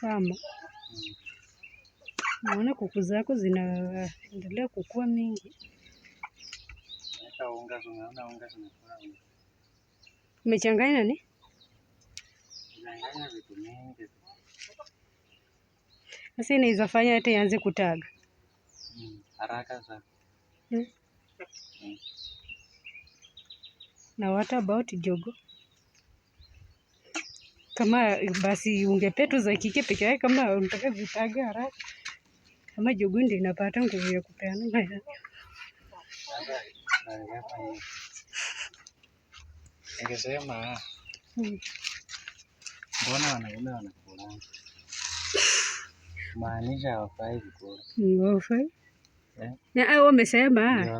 Sama naona kuku zako zinaendelea kukua mingi. Umechanganya ni Sasa inaweza fanya hata ianze kutaga haraka sana. Hmm. Na what about jogo? Kama basi ungepetu za kike peke yake, kama unataka zitage haraka, kama jogo ndio inapata nguvu ya kupeana. Ningesema hmm. mbona wanaume wanakula, maanisha hawafai kukula. Hmm, au wamesema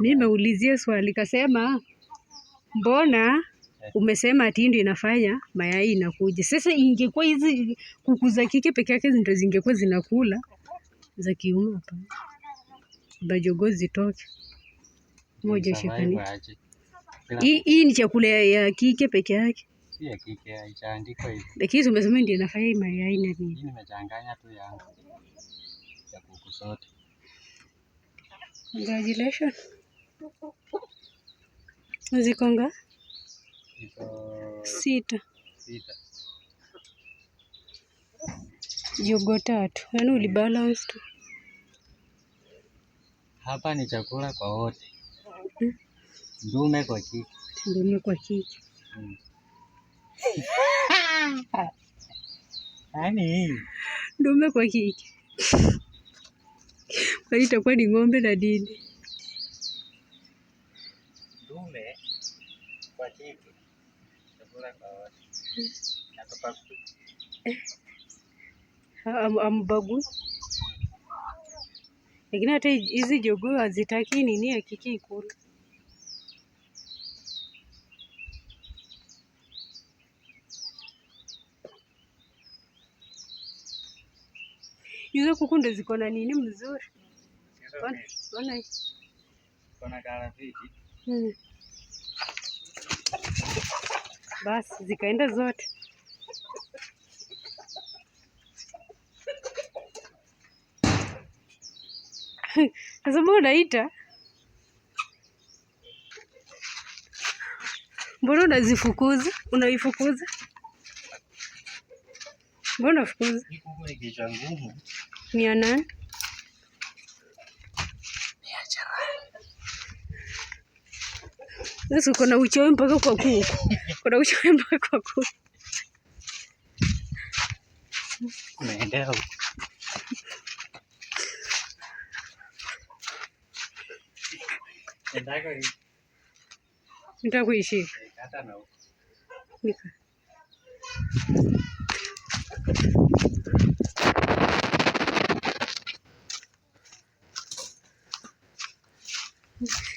nimeulizia swali kasema, mbona eh. umesema ati ndio inafanya mayai inakuja. Sasa ingekuwa hizi kuku za kike peke yake ndio zingekuwa zinakula za kiume hapa bajogo zitoke moja shikani. Hii ni chakula ya kike peke yake, lakini umesema ndio inafanya mayai na nini? Nimechanganya tu ya kuku zote. Congratulations. Ziko nga sita, sita. Jogo tatu, yaani ulibalance tu. Hapa ni chakula kwa wote, hmm? ndume kwa kike, ndume kwa kike hmm. yaani ndume kwa kike kwa hiyo itakuwa ni ng'ombe na nini? Dume kwa Ambagu. Lakini hata hizi jogoo hazitaki nini hakiki ikulu Hizo kuku zikona ziko na nini mzuri. Ona Hmm. Basi zikaenda zote. Sasa unaita? Mbona unazifukuza? Unaifukuza? Mbona unafukuza? Ni ya nani? Sasa kuna uchawi mpaka kwa kuku. Kuna uchawi mpaka kwa kuku. Unaendea huko. Nitakuishi. Hata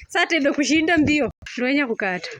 sasa kushinda mbio, ndio kukata.